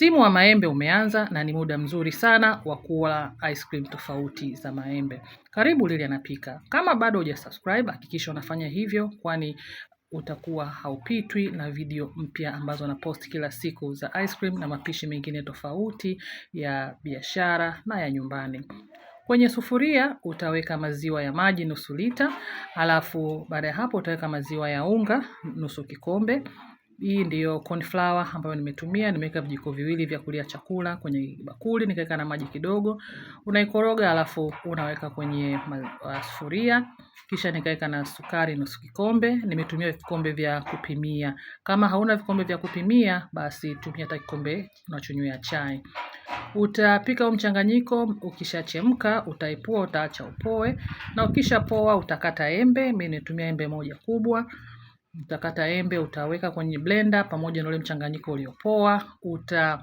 Msimu wa maembe umeanza na ni muda mzuri sana wa kula ice cream tofauti za maembe. Karibu lili anapika Kama bado hujasubscribe, hakikisha unafanya hivyo kwani utakuwa haupitwi na video mpya ambazo na post kila siku za ice cream na mapishi mengine tofauti ya biashara na ya nyumbani. Kwenye sufuria utaweka maziwa ya maji nusu lita, alafu baada ya hapo utaweka maziwa ya unga nusu kikombe, hii ndiyo corn flour ambayo nimetumia, nimeweka vijiko viwili vya kulia chakula kwenye bakuli, nikaweka na maji kidogo. Unaikoroga alafu unaweka kwenye uh, sufuria, kisha nikaweka na sukari nusu kikombe, nimetumia vikombe vya kupimia. Kama hauna vikombe vya kupimia, basi tumia hata kikombe unachonywea chai. Utapika huu mchanganyiko, ukishachemka, utaipua, utaacha upoe, na ukishapoa utakata embe, mimi nimetumia embe moja kubwa. Utakata embe, utaweka kwenye blender pamoja na ule mchanganyiko uliopoa, uta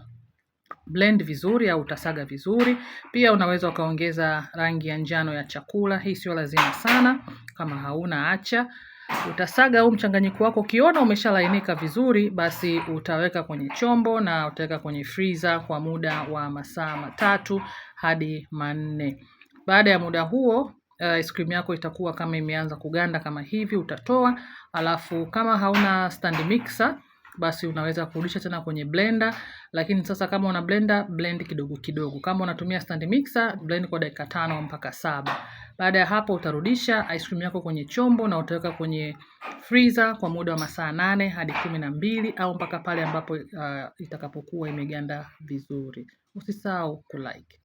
blend vizuri au utasaga vizuri. Pia unaweza ukaongeza rangi ya njano ya chakula, hii sio lazima sana, kama hauna acha. Utasaga huu mchanganyiko wako, ukiona umeshalainika vizuri, basi utaweka kwenye chombo na utaweka kwenye freezer kwa muda wa masaa matatu hadi manne. Baada ya muda huo uh, ice cream yako itakuwa kama imeanza kuganda kama hivi, utatoa. Alafu kama hauna stand mixer basi unaweza kurudisha tena kwenye blender, lakini sasa kama una blender, blend kidogo kidogo. Kama unatumia stand mixer, blend kwa dakika tano mpaka saba. Baada ya hapo utarudisha ice cream yako kwenye chombo na utaweka kwenye freezer kwa muda wa masaa nane hadi kumi na mbili au mpaka pale ambapo uh, itakapokuwa imeganda vizuri. Usisahau kulike.